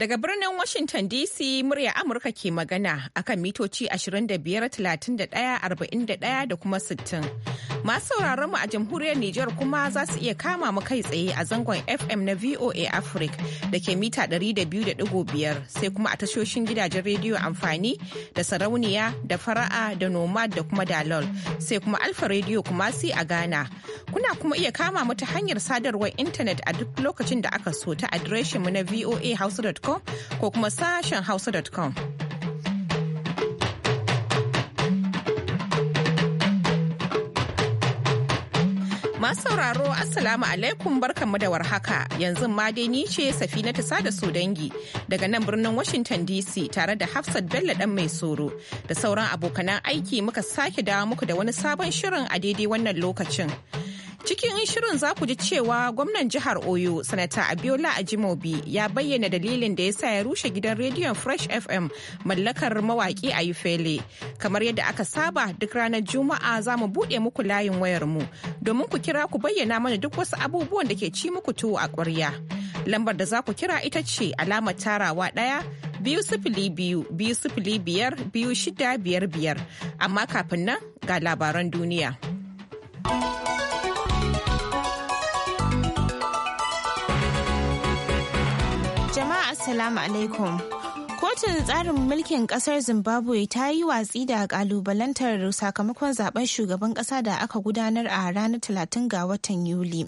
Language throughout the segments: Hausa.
Daga birnin Washington DC murya Amurka ke magana akan mitoci 25, 31, 41 da kuma 60. Masu sauraron mu a jamhuriyar Nijar kuma za su iya kama mu kai tsaye a zangon FM na VOA Africa da ke mita 200.5 sai kuma a tashoshin gidajen rediyo amfani da sarauniya da fara'a da nomad da kuma dalol sai kuma alfa rediyo kuma si a Ghana. Kuna kuma iya kama mu ta hanyar sadarwar intanet a duk lokacin da aka so ta mu na voahausa.com ko kuma sashen hausa.com. Masu sauraro Assalamu alaikum barkanmu da warhaka yanzu ma dai ni ce safina ta sada su dangi daga nan birnin Washington DC tare da Hafsat Bello dan mai soro da sauran abokanan aiki muka sake dawo muku da wani sabon shirin a daidai wannan lokacin. Cikin shirin za ku ji cewa gwamnan jihar Oyo, Sanata Abiola Ajimobi ya bayyana dalilin da ya sa ya rushe gidan rediyon Fresh FM mallakar mawaƙi a Yufele. Kamar yadda aka saba duk ranar Juma'a za mu buɗe muku layin wayarmu domin ku kira ku bayyana mana duk wasu abubuwan da ke ci muku tuwo a ƙwarya. Lambar da za ku kira ita ce alamar tarawa ɗaya biyu sifili biyu biyu sifili biyar biyu shida biyar biyar. Amma kafin nan ga labaran duniya. Assalamu alaikum. Kotun tsarin mulkin kasar Zimbabwe ta yi watsi da kalubalantar sakamakon zaben shugaban kasa da aka gudanar a ranar 30 ga watan Yuli.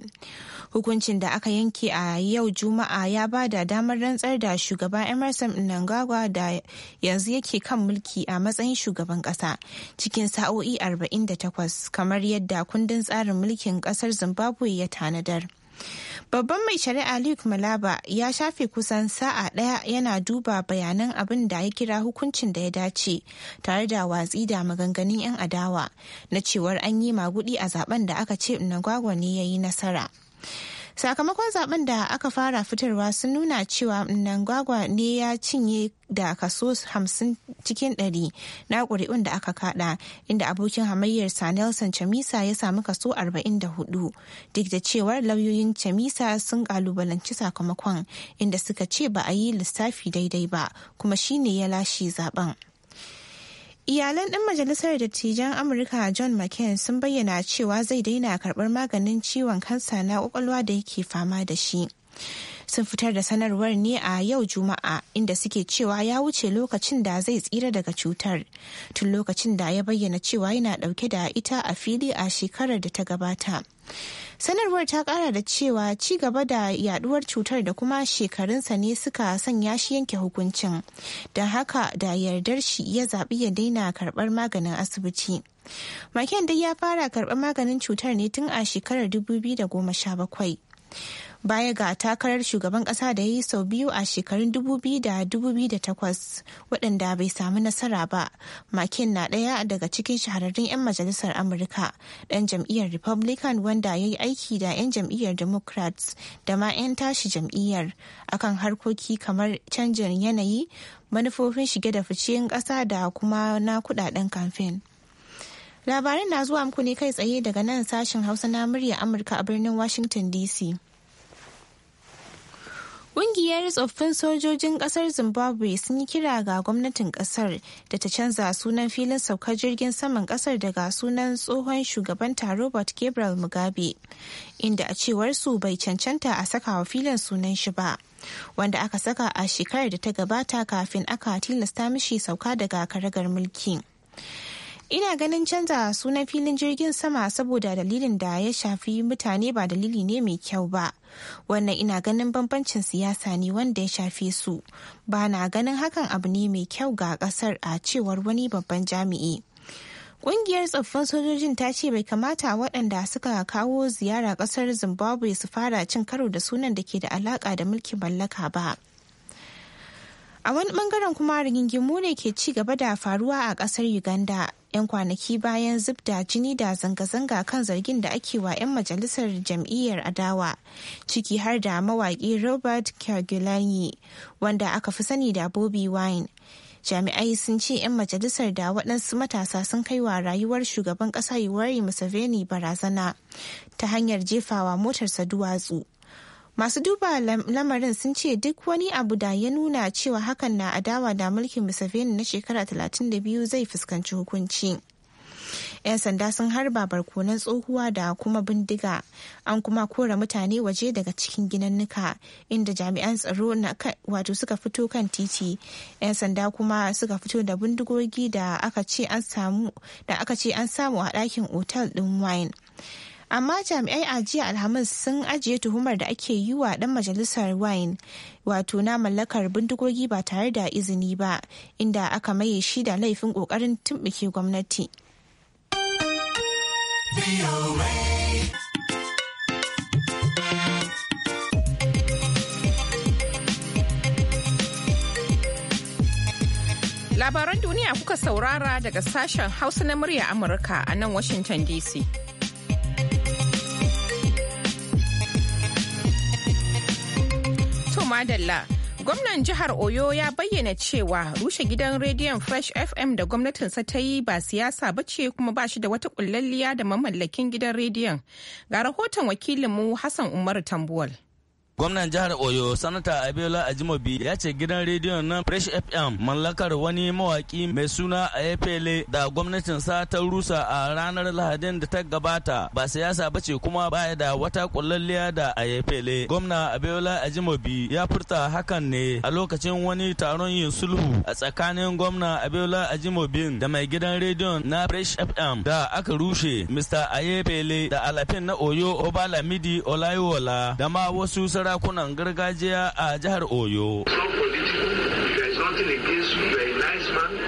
Hukuncin da aka yanke a yau Juma'a ya ba da damar rantsar da shugaba Emerson Mnangagwa da yanzu yake kan mulki a matsayin shugaban kasa cikin sa'o'i 48 kamar yadda kundin tsarin mulkin kasar Zimbabwe ya tanadar. Babban mai shari'a Luke Malaba ya shafe kusan sa'a ɗaya yana duba bayanan abin da ya kira hukuncin da ya dace tare da watsi da maganganun 'yan adawa na cewar an yi magudi a zaben da aka ce Nagwagwa ne ya yi nasara. sakamakon zaben da aka fara fitarwa sun nuna cewa nangwagwa ne ya cinye da kaso 50 cikin 100 na ƙuri'un da aka kada inda abokin hamayyar sa nelson chamisa ya samu kaso 44 duk da cewar lauyoyin chamisa sun kalubalanci sakamakon inda suka ce ba a yi lissafi daidai ba kuma shine ya lashe zaben. Iyalan ɗan majalisar dattijan Amurka John McCain sun bayyana cewa zai daina karɓar maganin ciwon kansa na kwakwalwa da yake fama da shi. sun fitar da sanarwar ne a yau juma'a inda suke cewa ya wuce lokacin da zai tsira daga cutar tun lokacin da ya bayyana cewa yana dauke da ita a fili a shekarar da ta gabata sanarwar ta kara da cewa ci gaba da yaduwar cutar da kuma shekarunsa ne suka sanya shi yanke hukuncin don haka da yardar shi ya zaɓi ya daina karɓar maganin asibiti maken dai ya fara karɓar maganin cutar ne tun a shekarar 2017 baya ga takarar shugaban kasa da ya yi sau biyu a shekarun 2000 da 2008 waɗanda bai samu nasara ba makin na ɗaya daga cikin shahararrun 'yan majalisar amurka ɗan jam'iyyar republican wanda ya yi aiki da 'yan jam'iyyar democrats da ma 'yan tashi jam'iyyar akan harkoki kamar canjin yanayi manufofin shige da fice ƙasa da kuma na kudaden kamfen. labarin na zuwa muku ne kai tsaye daga nan sashen hausa na murya amurka a birnin washington dc Ƙungiyar tsoffin sojojin ƙasar Zimbabwe sun yi kira ga gwamnatin ƙasar da ta canza sunan filin saukar jirgin saman ƙasar daga sunan tsohon shugabanta Robert Gabriel Mugabe, inda a cewar su bai cancanta a saka wa filin sunan shi ba, wanda aka saka a shekarar da ta gabata kafin aka tilasta mishi sauka daga karagar mulki. ina ganin canza sunan filin jirgin sama saboda dalilin da ya shafi mutane ba dalili ne mai kyau ba wannan ina ganin bambancin siyasa ne wanda ya shafe su ba na ganin hakan abu ne mai kyau ga kasar a cewar wani babban jami'i Ƙungiyar tsoffin sojojin ta ce bai kamata waɗanda suka kawo ziyara ƙasar Zimbabwe su fara cin karo da sunan da ke da alaƙa da mulkin mallaka ba. A wani bangaren kuma rigingimu ne ke ci gaba da faruwa a kasar Uganda 'yan kwanaki bayan zubda jini da zanga-zanga kan zargin da ake wa 'yan majalisar jam'iyyar adawa ciki har da mawaƙi Robert Kyagulanyi wanda aka fi sani da Bobi Wine. Jami'ai sun ce 'yan majalisar da waɗansu matasa sun kai wa rayuwar shugaban ƙasa Yoweri Museveni barazana ta hanyar jefawa motarsa duwatsu. Masu duba lamarin sun ce duk wani abu da ya nuna cewa hakan na adawa da mulkin Museveni na shekara 32 zai fuskanci hukunci. 'Yan sanda sun harba barkonan tsohuwa da kuma bindiga, an kuma kora mutane waje daga cikin ginannuka inda jami'an tsaro na wato suka fito kan titi. 'Yan sanda kuma suka fito da bindigogi da aka ce an samu a ɗakin otal ɗin wine. amma jami'ai a jiya alhamis sun ajiye tuhumar da ake yi wa dan majalisar wine wato na mallakar bindigogi ba tare da izini ba inda aka maye shi da laifin kokarin tumbuke gwamnati Labaran duniya kuka saurara daga sashen Hausa na murya Amurka a nan Washington DC. Madalla. Gwamnan jihar Oyo ya bayyana cewa rushe gidan rediyon Fresh FM da gwamnatinsa ta yi ba siyasa ba ce kuma ba shi da wata kullalliya da mamallakin gidan rediyon. Ga rahoton wakilinmu Hassan Umaru Tambuwal. Gwamnan jihar Oyo, Sanata Abiola Ajimobi ya ce gidan rediyon nan Fresh FM mallakar wani mawaki mai suna Ayefele da sa ta rusa a ranar Lahadin da ta gabata ba siyasa ba ce kuma baya da wata kullalliya da Ayefele. Gwamna Abiola Ajimobi ya furta hakan ne a lokacin wani taron yin sulhu a tsakanin gwamna Abiola Ajimobin da mai gidan rediyon na Fresh FM da aka rushe Mr. Ayefele da alafin na Oyo Obalamidi Olayiwola da ma wasu sara sarakunan gargajiya a jihar Oyo. Some political, there is nothing against you, you nice man,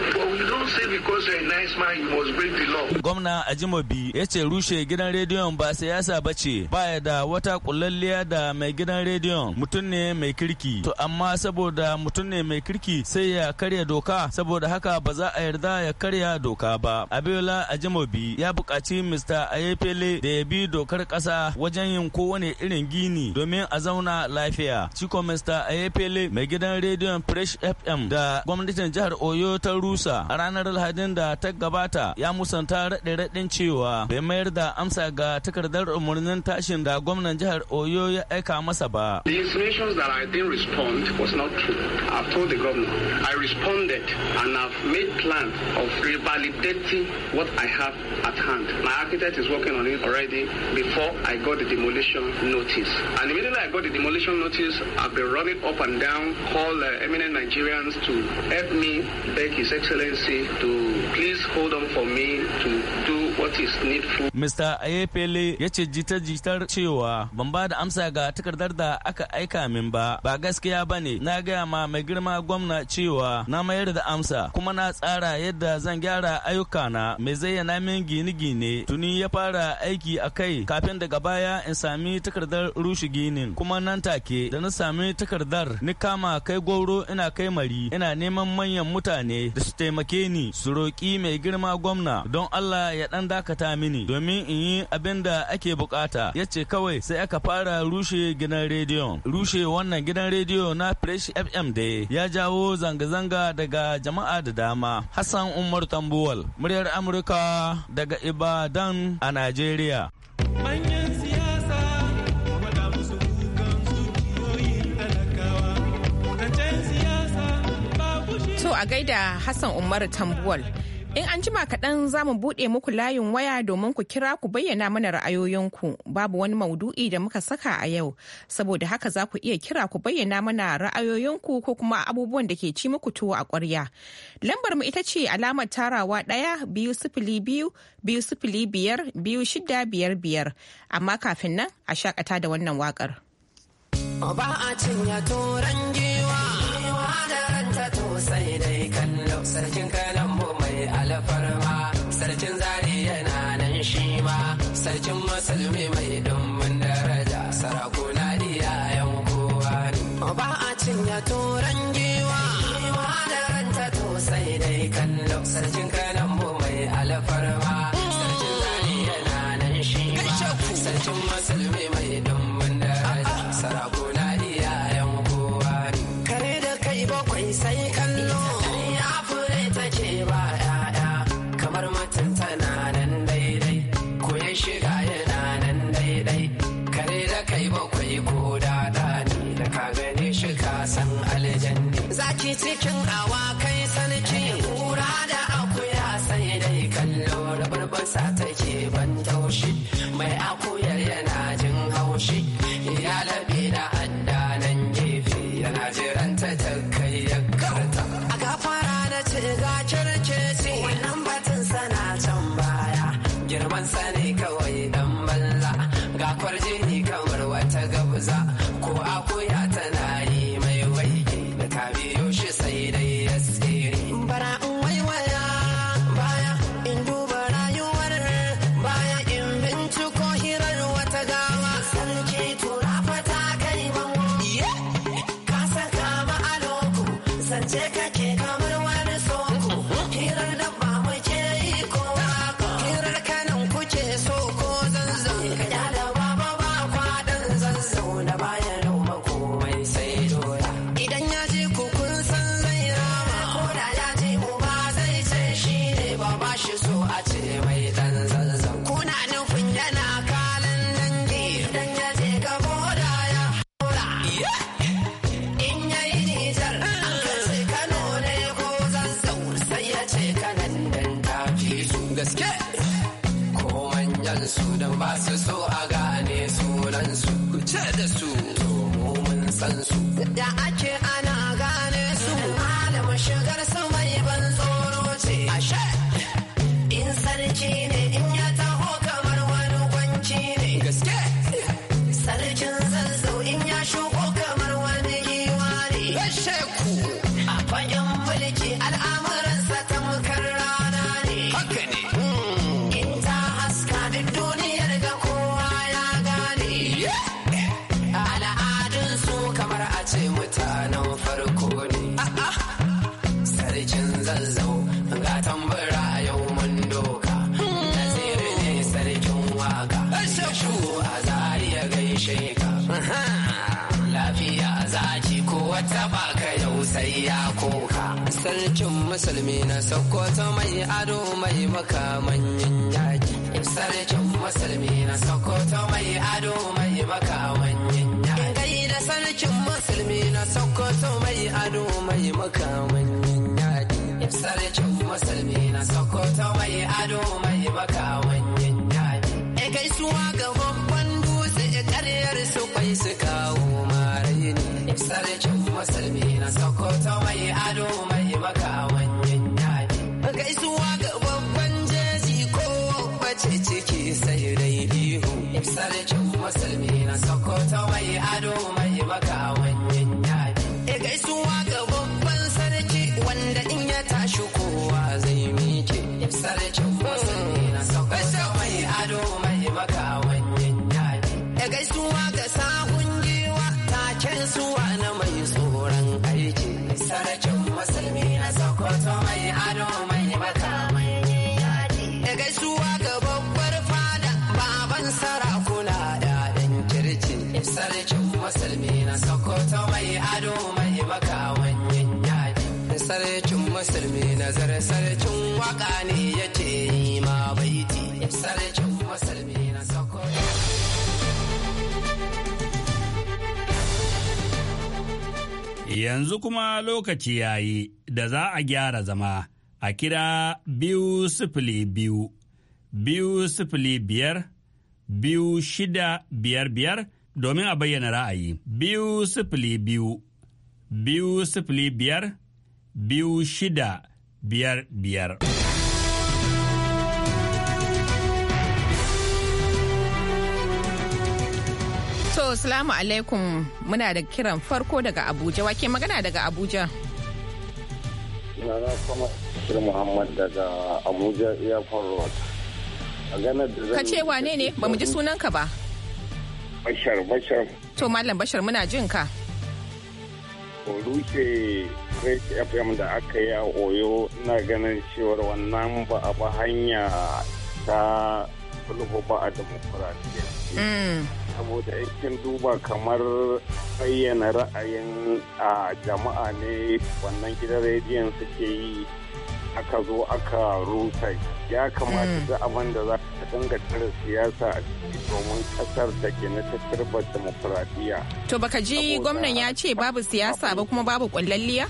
Gwamna Ajimobi ya ce rushe gidan rediyon ba siyasa ba ce ya da wata kullalliya da mai gidan rediyon mutum ne mai kirki. To amma saboda mutum ne mai kirki sai ya karya doka saboda haka ba za a yarda ya karya doka ba. Abiola Ajimobi ya buƙaci Mr. Ayefele da ya bi dokar ƙasa wajen yin kowane irin gini domin a zauna lafiya. Ciko Mr. Ayefele mai gidan rediyon Fresh FM da gwamnatin jihar Oyo ta rusa a ranar ranar da ta gabata ya musanta raɗe-raɗin cewa bai mayar da amsa ga takardar umarnin tashin da gwamnan jihar Oyo ya aika masa ba. The insinuations that I didn't respond was not true. I've told the governor. I responded and I've made plan of revalidating what I have at hand. My architect is working on it already before I got the demolition notice. And immediately I got the demolition notice, I've been running up and down, call uh, eminent Nigerians to help me beg His Excellency to please hold on for me to do what is Mr. Ayefele ya ce jita-jitar cewa ban ba da amsa ga takardar da aka aika min ba ba gaskiya ba ne na gaya ma mai girma gwamna cewa na mayar da amsa kuma na tsara yadda zan gyara ayyuka na mai zayyana min gine-gine tuni ya fara aiki a kai kafin daga baya in sami takardar rushe ginin kuma nan take da na sami takardar ni kama kai goro ina kai mari ina neman manyan mutane da su taimake ni su roƙi mai girma gwamna don Allah ya dan dakata mini domin in yi abin da ake bukata ya ce kawai sai aka fara rushe gidan rediyon rushe wannan gidan rediyo na fresh fm da ya jawo zanga-zanga daga jama'a da dama hassan umar tambuwal muryar amurka daga ibadan a nigeria To a gaida Hassan Umar Tambuwal. In an jima kaɗan za mu buɗe muku layin waya domin ku kira ku bayyana mana ra'ayoyinku babu wani maudu'i da muka saka a yau saboda haka za ku iya kira ku bayyana mana ra'ayoyinku ko kuma abubuwan da ke ci muku tuwo a ƙwarya. Lambar mu ita ce alamar tarawa ɗaya biyu sifili biyu biyu sifili biyar biyu shida biyar biyar amma kafin nan a shakata da wannan waƙar. Ba a cinya turan giwa Wato turanci sarkin musulmi na sokoto mai ado mai makamanyin yaki sarkin musulmi na sokoto mai ado mai makamanyin yaki gai da sarkin musulmi na sokoto mai ado mai makamanyin yaki sarkin musulmi na sokoto mai ado mai makamanyin yaki gaisuwa ga babban dutse karyar su kai su kawo sarkin musulmi na sokoto mai ado mai maka wanyan yaji. Gaisuwa ga babban jeji ko bace ciki sai dai ihu. Sarkin musulmi na sokoto mai ado mai nazar waka ne yake yi ma baiti musulmi na Yanzu kuma lokaci ya yi da za a gyara zama a kira biyu sifili biyu, biyu sifili biyar, biyu shida biyar biyar domin a bayyana ra'ayi. Biyu sifili biyu, biyu sifili biyar, biyu shida biyar biyar. To, salamu alaikum muna da kiran farko daga Abuja, wake magana daga Abuja. kuma Sir Muhammad daga Abuja Airport Road. Ka ce wane ne? Ba mu ji sunanka ba. Bashar, Bashar. To, Malam Bashar muna jin ka. rushe fresh fm da aka yi a oyo na ganin cewar wannan ba a ba hanya ta sulhu ba a demokuraɗiyya mm. saboda in duba kamar bayyana ra'ayin a jama'a ne wannan gidan rediyon suke yi aka zo aka rusa ya kamata mm. da abin da za bunga tsarin siyasa a ciki domin kasar da ke na tattarbar demokuraɗiyya. To baka ji gwamnan ya ce babu siyasa ba kuma babu kullalliya?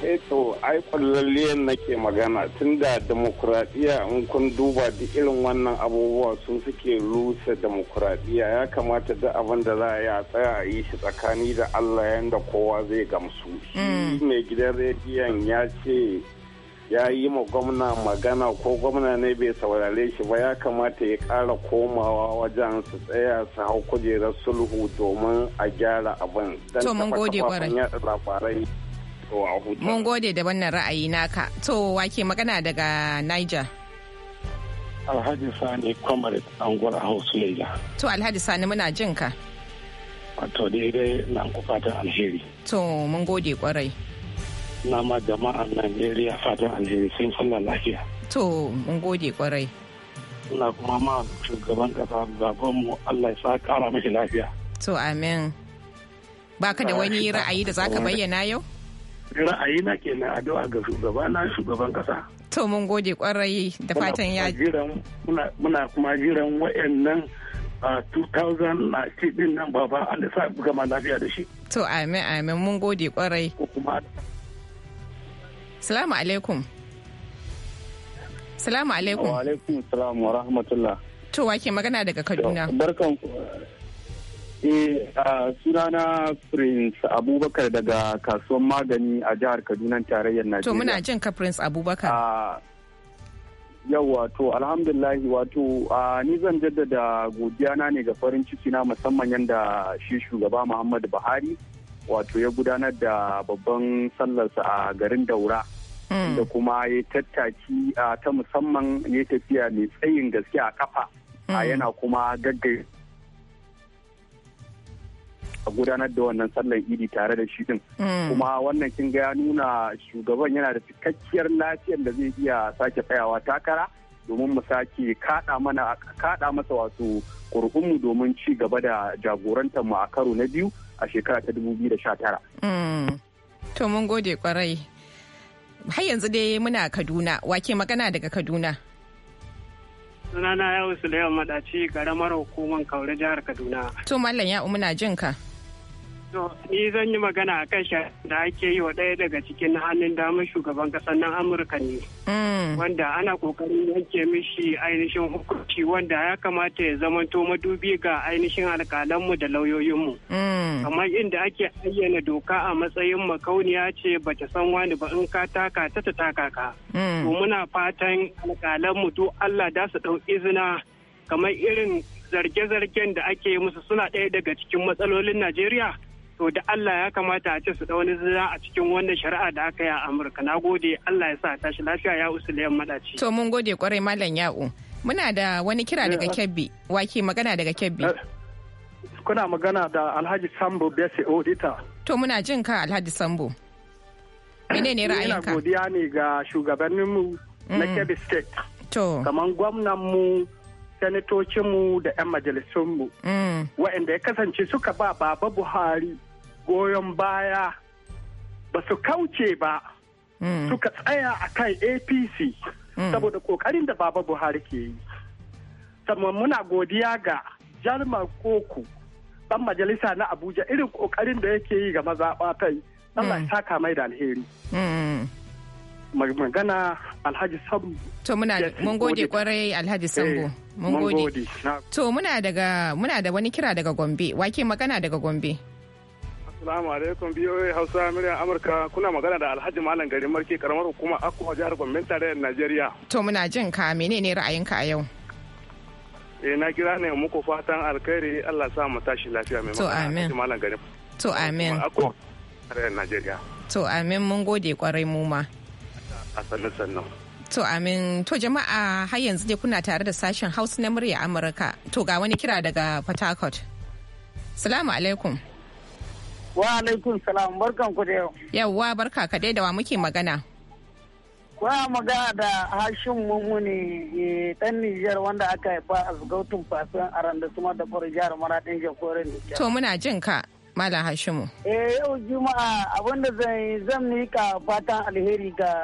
Eh to ai kullalliyan nake magana tun da demokuraɗiyya in kun duba duk irin wannan abubuwa sun suke rusa demokuraɗiyya ya kamata da abin da za a yi a tsaya a yi shi tsakani da Allah yanda kowa zai gamsu. Mm. Mai gidan rediyon ya ce ya yi ma gwamna magana ko gwamna ne bai saurare shi ba ya kamata ya ƙara komawa wajen su tsaya su hau kujerar sulhu domin a gyara abin. To mun gode kwarai. Mun gode da wannan ra'ayi naka. To wake magana daga Niger. Alhaji Sani an Angwar House Leja. To Alhaji Sani muna jin ka. Wato daidai na kufatan alheri. To mun gode kwarai. Nama jama'a Najeriya fatan alheri sun sallah lafiya. To, mun gode kwarai. Ina kuma ma shugaban kasa mu Allah ya sa kara mashi lafiya. To, amin. Ba ka da wani ra'ayi da zaka bayyana yau? Ra'ayi na ke na addu'a ga shugaba na shugaban kasa. To, mun gode kwarai da fatan ya Muna kuma jiran wa'annan a 2019 din nan baba da sa gama lafiya da shi. To, amin amin mun gode kwarai. Ko kuma Salamu alaikum. Salamu alaikum. Wa alaikum salam wa rahmatullah. To wake magana daga Kaduna. Barkan Eh sunana Prince Abubakar daga kasuwan magani a jihar Kaduna tarayyar Najeriya. To muna jin ka Prince Abubakar. yau wato alhamdulahi wato ni zan jaddada godiya na ne ga farin ciki na musamman yadda shi shugaba muhammadu buhari wato ya gudanar da babban sallarsa a garin daura da kuma ya tattaki a ta musamman ya tafiya mai tsayin gaske a kafa a mm. yana kuma gaggai a gudanar da wannan sallan idi tare da shi din mm. kuma wannan kin ga ya nuna shugaban yana da cikakkiyar lafiyar da zai iya sake tsayawa takara domin mu sake kada mana kada masa wato kurkunmu domin ci gaba da jagorantar mu a karo na biyu a shekara ta 2019 mm. to mun gode kwarai har yanzu dai muna Kaduna, wake magana daga Kaduna. Sunana da yawan Madaci, ramar hukumar Kaure jihar Kaduna. To Mallam Ya'u muna jin ka. ni zan yi magana a kan da ake yi wa ɗaya daga cikin hannun damar shugaban ƙasar nan amurka ne mm. wanda ana ƙoƙarin yanke mishi ainihin hukunci wanda ya kamata ya zama zamanto madubi ga ainihin alƙalanmu da lauyoyinmu Kamar mm. inda ake ayyana doka a matsayin makauniya ce ba ta san wani ba in ka taka ta ta taka ka mm. to muna fatan alƙalanmu to allah da su ɗau izina kamar irin zarge-zargen da ake yi musu suna ɗaya daga cikin matsalolin najeriya to da Allah ya kamata a ce su da wani zira a cikin wannan shari'a da aka yi a Amurka na gode Allah ya sa tashi lafiya ya usuliyan madaci to mun gode kwarai malam ya'u muna da wani kira daga eh, Kebbi wake magana daga Kebbi eh, kuna magana da Alhaji Sambo Bese Odita to muna jin ka Alhaji Sambo ne ra'ayinka ina godiya ne ga shugabanninmu na Kebbi State to kaman gwamnan mu sanatocinmu da 'yan majalisunmu mm. waɗanda ya kasance suka ba baba buhari goyon baya ba su kauce ba hmm. suka tsaya a kan apc hmm. saboda kokarin da baba buhari ke yi sannan muna godiya ga jalmar koko ɗan majalisa na abuja irin kokarin da yake yi ga mazaɓatai ɗan ba hmm. saka mai da alheri magana alhaji Sambu. to muna mun gode kwarai alhaji eh, Sambu. mun gode to muna daga muna da wani kira daga gombe wake magana daga gombe Assalamu alaikum biyoyi Hausa miliyan Amurka kuna magana da Alhaji Malam garin Marke karamar hukuma Akwa jihar Gombe tarayyar Najeriya. To muna jin ka menene ra'ayinka a yau? Eh na kira ne muku fatan alkhairi Allah sa mu tashi lafiya mai To amin. Malam garin. To amin. Akwa tarayyar Najeriya. To amin mun gode kwarai mu ma. A sannan sannan. To amin to jama'a har yanzu dai kuna tare da sashen Hausa na murya Amurka. To ga wani kira daga Port Harcourt. Salamu alaikum. Wa alaikum salam barkan ku da yau. Yawwa barka ka da wa muke magana. Kuna magana da Hashim mummuni dan Nijar wanda aka haifa a zugautun fasin aranda suma da kwar jihar maraɗin Jakorin Nijar. To muna jin ka Malam Hashimu. Eh yau Juma'a abinda zan zan mika fatan alheri ga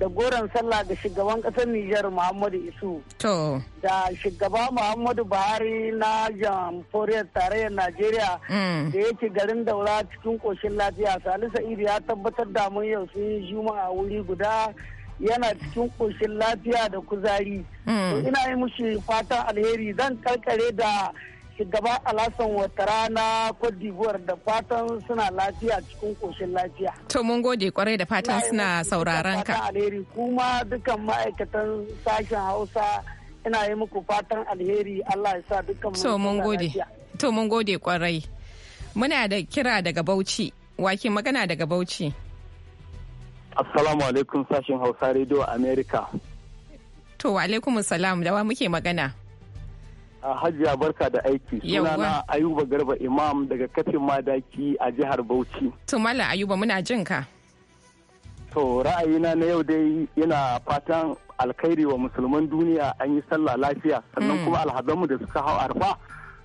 da goron sallah ga shugaban ƙasar Nijar Muhammadu Isu. To. Da shugaba Muhammadu Buhari na jamhuriyar tarayyar Najeriya mm. da yake garin daura cikin koshin lafiya Salisu sa'idu ya tabbatar da mun yau sun yi juma'a wuri guda yana cikin koshin lafiya da kuzari. Mm. Ina yi mushi fatan alheri zan karkare da shugaba alasan watara na cote d'ivoire da fatan suna lafiya cikin koshin lafiya to mun gode kwarai da fatan suna sauraron ka alheri kuma dukan ma'aikatan sashen hausa ina yi muku fatan alheri allah ya sa dukan to mun gode to mun gode kwarai muna da kira daga bauchi wake magana daga bauchi assalamu alaikum sashen hausa radio america to wa alaikum salam da wa muke magana Hajiya barka da aiki. Sunana Ayuba Garba Imam daga Katin Madaki a jihar Bauchi. To Mala Ayuba muna jin ka. To ra'ayina na yau dai yana fatan alkhairi wa musulman duniya an yi sallah lafiya sannan mm. kuma alhadanmu da suka hau arfa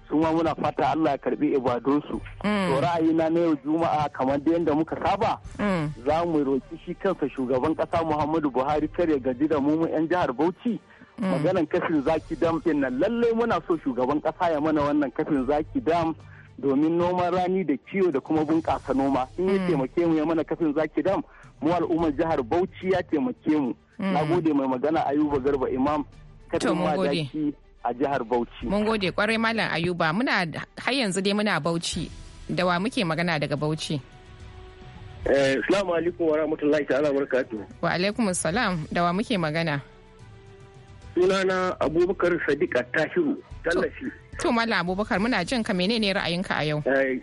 su ma muna fata Allah ya karbi ibadunsu. Mm. To ra'ayina na yau juma'a kamar da yadda muka saba mm. za mu roki shi kansa shugaban kasa Muhammadu Buhari kare gaji da mu 'yan jihar Bauchi. Mm. maganan kafin zaki dam din nan lallai muna so shugaban kasa ya mana wannan kafin zaki dam domin noman rani da kiwo da kuma bunƙasa noma in ya mm. taimake mu ya mana kafin zaki dam mu al'ummar jihar Bauchi ya taimake mu mm. na gode mai magana Ayuba Garba Imam kafin ma daki a jihar Bauchi mun gode kwarai malam Ayuba muna har yanzu dai muna Bauchi da wa muke magana daga Bauchi Eh, salamu alaikum wa rahmatullahi ta'ala wa Wa alaikum salam da wa muke magana? sunana abubakar sadiq tahiru tallafi to mala abubakar muna jin ka menene ra'ayinka a yau eh,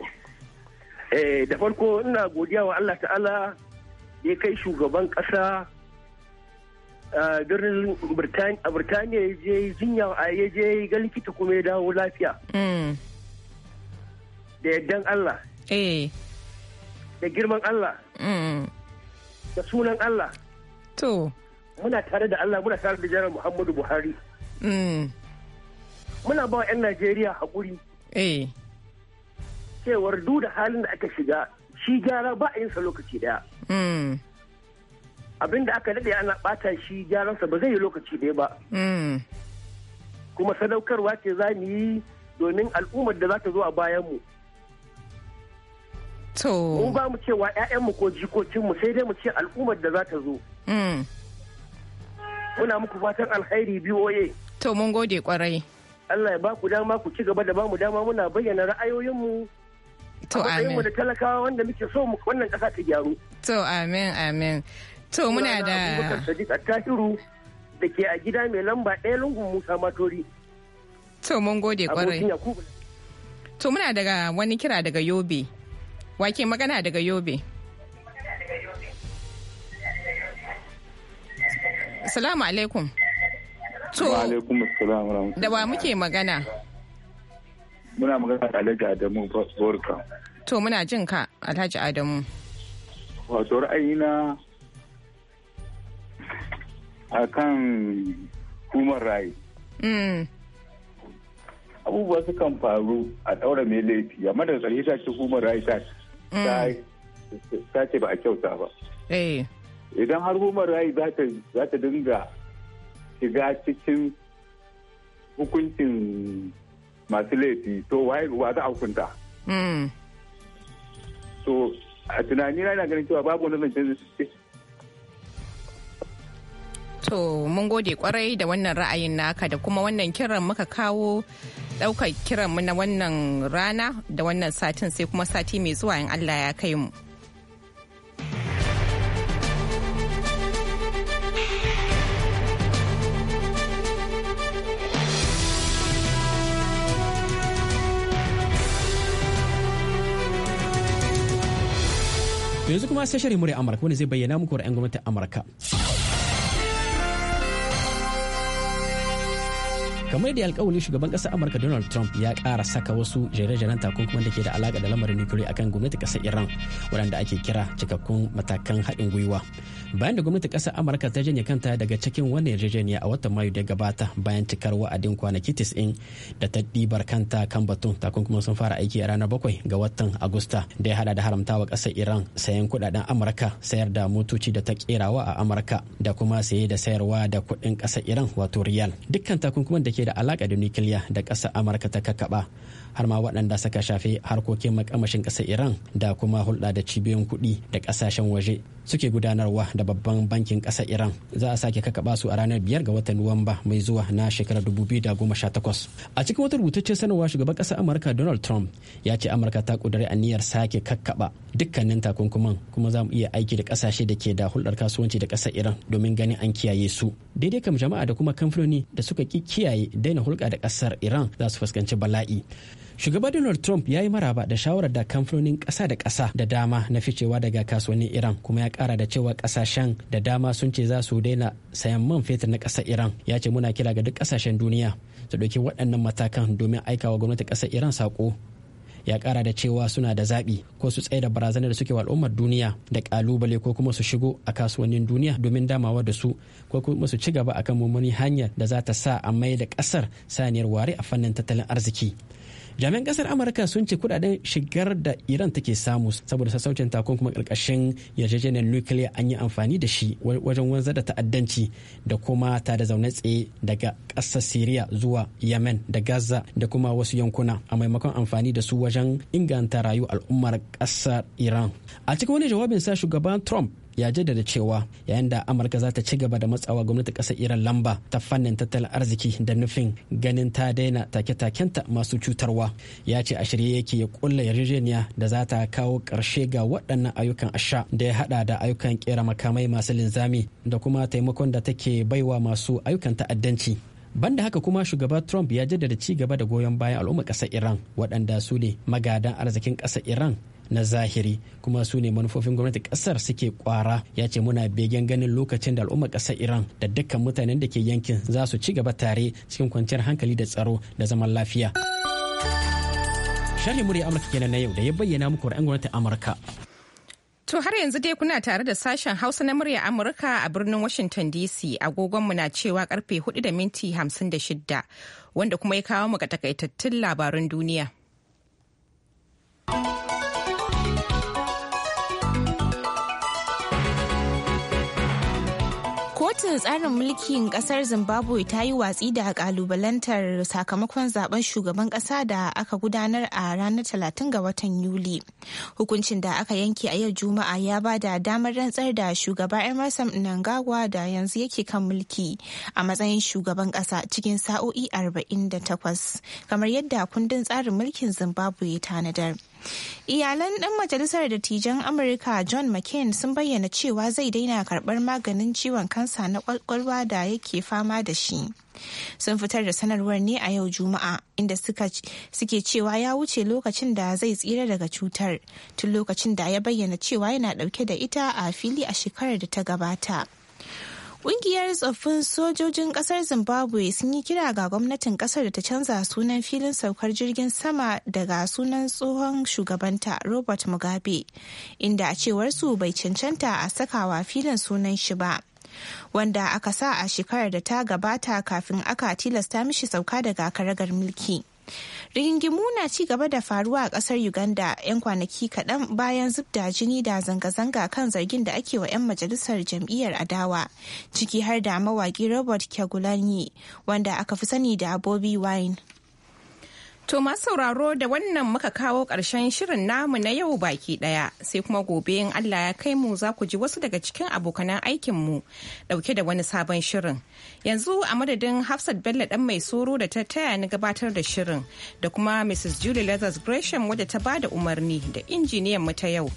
eh, da farko ina godiya wa allah ta'ala ya kai shugaban kasa eh, birnin a birtaniya ya je jinya ya je ga likita kuma ya dawo lafiya mm. da yardan allah da girman allah mm. da sunan allah to muna tare da Allah muna tare da jiran Muhammadu Buhari. Mm. Muna ba wa 'yan Najeriya haƙuri. Eh. Cewar duk da halin da aka shiga shi gyara ba a sa lokaci daya. Mm. Abin da aka daɗe ana ɓata shi gyaransa ba zai yi lokaci ɗaya ba. Mm. Kuma sadaukarwa ce za mu yi domin al'ummar da za ta zo a bayanmu. To. Mun ba mu cewa 'ya'yanmu ko jikocinmu sai dai mu ce al'ummar da za ta zo. muna muku fatan alkhairi biyoye. To mun gode kwarai. Allah ya ba ku dama ku ci gaba da ba mu dama muna bayyana ra'ayoyinmu. To amin. mu da talakawa wanda muke so mu wannan kasa ta gyaru. To amin amin. To muna da. Abubakar Sadiq da ke a gida mai lamba ɗaya lungun Musa Matori. To mun gode kwarai. To muna daga wani kira daga Yobe. Wake magana daga Yobe. Salamu alaikum. To, da wa muke magana? Muna magana da Alhaji Adamu Borka. To, muna jin ka Alhaji Adamu. Wato ra'ayina a kan human rai. Mm. Abubuwa sukan faru a ɗaura mai laifi, amma daga ƙarshe ta ce human rai mm. ta ce ba a kyauta ba. Eh. idan har Umar rights za ta dinga shiga cikin hukuncin masu laifi to wa za a hukunta hmm. to a tunani na ganin cewa babu wani zancen To mun gode kwarai da wannan ra'ayin naka da kuma wannan kiran muka kawo ɗaukar kiranmu na wannan rana da wannan satin sai kuma sati mai zuwa in Allah ya kai mu. yanzu kuma sai shirin murya amurka wanda zai bayyana muku ra'ayin gwamnatin amurka kamar da alkawali shugaban ƙasar amurka donald trump ya ƙara saka wasu jere-jeren takunkuman da ke da alaƙa da lamarin nukiliya akan gwamnati ƙasar iran waɗanda ake kira cikakkun matakan haɗin gwiwa bayan da gwamnati ƙasar amurka ta janye kanta daga cikin wannan yarjejeniya a watan mayu da gabata bayan cikar wa'adin kwanaki 90 da ta ɗibar kanta kan batun takunkuma sun fara aiki a ranar bakwai ga watan agusta da ya haɗa da haramtawa ƙasar iran sayan kuɗaɗen amurka sayar da motoci da ta ƙerawa a amurka da kuma saye da sayarwa da kuɗin ƙasar iran wato riyal dukkan takunkuman da ke ke da alaƙa da nukiliya da ƙasar amurka ta kakaba har ma waɗanda suka shafe harkokin makamashin ƙasar iran da kuma hulɗa da cibiyoyin kuɗi da ƙasashen waje suke gudanarwa da babban bankin ƙasar iran za a sake kakaba su a ranar biyar ga watan nuwamba mai zuwa na shekarar 2018 a cikin wata rubutaccen sanarwa shugaban ƙasar amurka donald trump ya ce amurka ta a aniyar sake kakaba dukkanin takunkuman kuma za mu iya aiki da ƙasashe da ke da hulɗar kasuwanci da ƙasar iran domin ganin an kiyaye su daidai kam jama'a da kuma kamfanoni da suka ki kiyaye daina hulɗa da ƙasar iran za su fuskanci bala'i shugaba donald trump ya yi maraba da shawarar da kamfanonin ƙasa da kasa da dama na ficewa daga kasuwannin iran kuma ya kara da cewa kasashen da dama sun ce za su daina sayan man fetur na ƙasar iran ya ce muna kira ga duk kasashen duniya su ɗauki waɗannan matakan domin aikawa gwamnati ƙasar iran saƙo ya ƙara da cewa suna da zaɓi ko su tsaye da barazanar da suke al'ummar duniya da ƙalubale ko kuma su shigo a kasuwannin duniya domin damawa da su ko kuma su ci gaba akan mummuni hanyar da za ta sa a mai da ƙasar saniyar ware a fannin tattalin arziki jami'an kasar amurka sun ce kudaden shigar da iran take samu saboda sassaucin kuma karkashin yarjejeniyar nukiliya an yi amfani da shi wajen wanzar da ta'addanci da kuma ta da zaune tsaye daga ƙasar syria zuwa yemen da gaza da kuma wasu yankuna a maimakon amfani da su wajen inganta rayuwa al'ummar ƙasar iran a cikin wani jawabin sa shugaban trump ya jaddada cewa yayin da amurka za ta ci gaba da matsawa gwamnati ƙasar iran lamba ta fannin tattalin arziki da nufin ganin ta daina take-takenta masu cutarwa ya ce a shirye yake ya kulla yarjejeniya da za ta kawo ƙarshe ga waɗannan ayyukan asha da ya haɗa da ayyukan ƙera makamai masu linzami da kuma taimakon da take baiwa masu ayyukan ta'addanci banda haka kuma shugaba trump ya jaddada ci gaba da goyon bayan al'ummar ƙasar iran waɗanda su ne magadan arzikin ƙasar iran na zahiri kuma su ne manufofin gwamnati kasar suke kwara ya ce muna begen ganin lokacin da al'ummar kasar iran da dukkan mutanen da ke yankin za su ci gaba tare cikin kwanciyar hankali da tsaro da zaman lafiya sharhi murya amurka kenan na yau da ya bayyana muku ra'ayin gwamnatin amurka To har yanzu dai kuna tare da sashen Hausa na murya Amurka a birnin Washington DC agogonmu na cewa karfe 4 da minti 56 wanda kuma ya kawo mu ga takaitattun labarun duniya. kotun tsarin mulkin kasar zimbabwe ta yi watsi da kalubalantar sakamakon zaben shugaban kasa da aka gudanar a ranar 30 ga watan yuli hukuncin da aka yanke a yau juma'a ya ba da damar rantsar da shugaba emerson nangagwa da yanzu yake kan mulki a matsayin shugaban kasa cikin sa'o'i 48 kamar yadda kundin tsarin mulkin zimbabwe ya tanadar Iyalan ɗan majalisar dattijan Amurka John McCain sun bayyana cewa zai daina karɓar maganin ciwon kansa na kwakwalwa da yake fama da shi. Sun fitar da sanarwar ne a yau Juma'a inda suke cewa ya wuce lokacin da zai tsira daga cutar tun lokacin da ya bayyana cewa yana ɗauke da ita a fili a shekarar da ta gabata. Ƙungiyar tsoffin sojojin ƙasar Zimbabwe sun yi kira ga gwamnatin ƙasar da ta canza sunan filin saukar jirgin sama daga sunan tsohon shugabanta Robert Mugabe, inda a cewar su bai cancanta a sakawa filin sunan shi ba. Wanda aka sa a shekarar da ta gabata kafin aka tilasta mishi sauka daga karagar mulki. rigingimu na ci gaba da faruwa a kasar uganda 'yan kwanaki kaɗan bayan zubda jini da zanga-zanga kan zargin da ake wa 'yan majalisar jam'iyyar adawa ciki har da mawaƙi robert kyagulani wanda aka fi sani da bobby wine To masu sauraro da wannan muka kawo ƙarshen shirin namu na yau baki ɗaya sai kuma gobe in Allah ya kai mu za ku ji wasu daga cikin abokanan aikinmu ɗauke da wani sabon shirin. Yanzu a madadin Hafsat Bello ɗan mai soro da ta taya ni gabatar da shirin da kuma Mrs. Julie Lazarus Gresham wadda ta bada umarni da injiniyan mu ta yau.